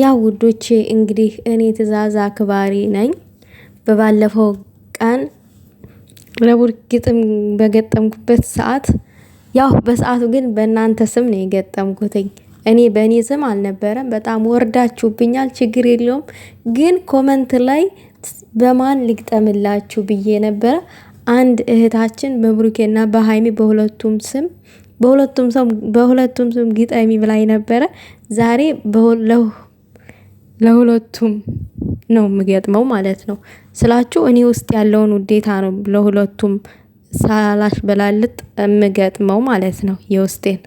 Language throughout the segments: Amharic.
ያው ውዶቼ እንግዲህ እኔ ትዕዛዝ አክባሪ ነኝ። በባለፈው ቀን ረቡዕ ግጥም በገጠምኩበት ሰዓት ያው በሰዓቱ ግን በእናንተ ስም ነው የገጠምኩትኝ። እኔ በእኔ ስም አልነበረም። በጣም ወርዳችሁብኛል። ችግር የለውም ግን ኮመንት ላይ በማን ልግጠምላችሁ ብዬ ነበረ። አንድ እህታችን በብሩኬና በሀይሜ በሁለቱም ስም በሁለቱም ስም በሁለቱም ስም ግጠሚ ብላኝ ነበረ ዛሬ ለሁለቱም ነው የምገጥመው ማለት ነው ስላችሁ እኔ ውስጥ ያለውን ውዴታ ነው ለሁለቱም በላልጥ የምገጥመው ማለት ነው የውስጤን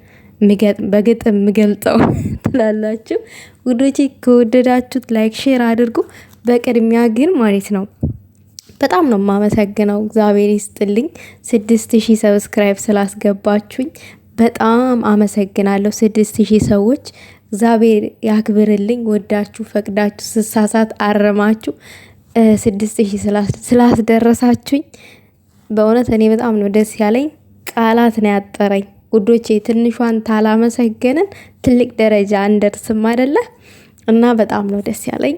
በግጥም የምገልጸው ትላላችሁ። ውዶቼ ከወደዳችሁት ላይክ፣ ሼር አድርጉ። በቅድሚያ ግን ማለት ነው በጣም ነው የማመሰግነው። እግዚአብሔር ይስጥልኝ ስድስት ሺህ ሰብስክራይብ ስላስገባችሁኝ በጣም አመሰግናለሁ። ስድስት ሺህ ሰዎች እግዚአብሔር ያክብርልኝ። ወዳችሁ ፈቅዳችሁ ስሳሳት አረማችሁ ስድስት ሺህ ስላስደረሳችሁኝ በእውነት እኔ በጣም ነው ደስ ያለኝ። ቃላት ነው ያጠረኝ ውዶቼ። ትንሿን ታላመሰገንን ትልቅ ደረጃ እንደርስም አይደለ እና በጣም ነው ደስ ያለኝ።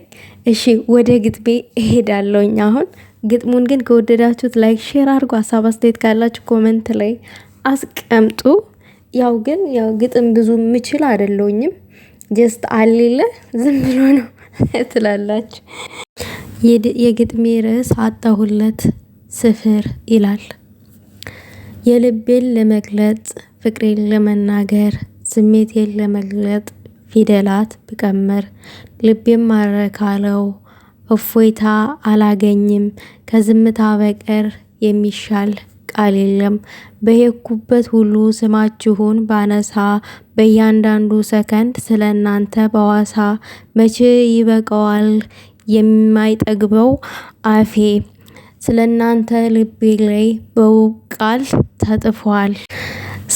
እሺ ወደ ግጥሜ እሄዳለሁኝ አሁን። ግጥሙን ግን ከወደዳችሁት ላይክ፣ ሼር አድርጎ ሀሳብ አስተያየት ካላችሁ ኮመንት ላይ አስቀምጡ። ያው ግን ያው ግጥም ብዙ ምችል አይደለሁኝም። ጀስት አሌለ ዝም ብሎ ነው ትላላችሁ። የግጥሜ ርዕስ አጣሁለት ስፍር ይላል። የልቤን ለመግለጽ ፍቅሬን ለመናገር ስሜቴን ለመግለጥ ፊደላት ብቀምር ልቤን ማረካለው እፎይታ አላገኝም ከዝምታ በቀር የሚሻል ቃል የለም። ሁሉ ስማችሁን ባነሳ በእያንዳንዱ ሰከንድ ስለ እናንተ በዋሳ መቼ ይበቀዋል የማይጠግበው አፌ ስለ እናንተ ልቤ ላይ በውብ ቃል ተጥፏል።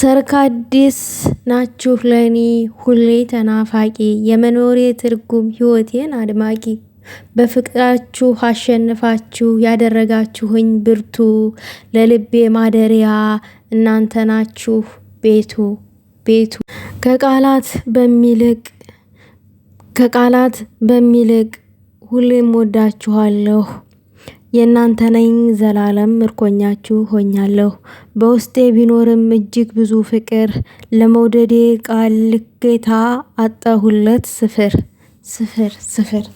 ሰርካዲስ ናችሁ ለኔ ሁሌ ተናፋቂ የመኖሬ ትርጉም ህይወቴን አድማቂ በፍቅራችሁ አሸንፋችሁ ያደረጋችሁኝ ብርቱ፣ ለልቤ ማደሪያ እናንተ ናችሁ ቤቱ ቤቱ ከቃላት በሚልቅ ከቃላት በሚልቅ ሁሌም ወዳችኋለሁ። የእናንተ ነኝ ዘላለም ምርኮኛችሁ ሆኛለሁ። በውስጤ ቢኖርም እጅግ ብዙ ፍቅር ለመውደዴ ቃል ልጌታ አጠሁለት ስፍር ስፍር ስፍር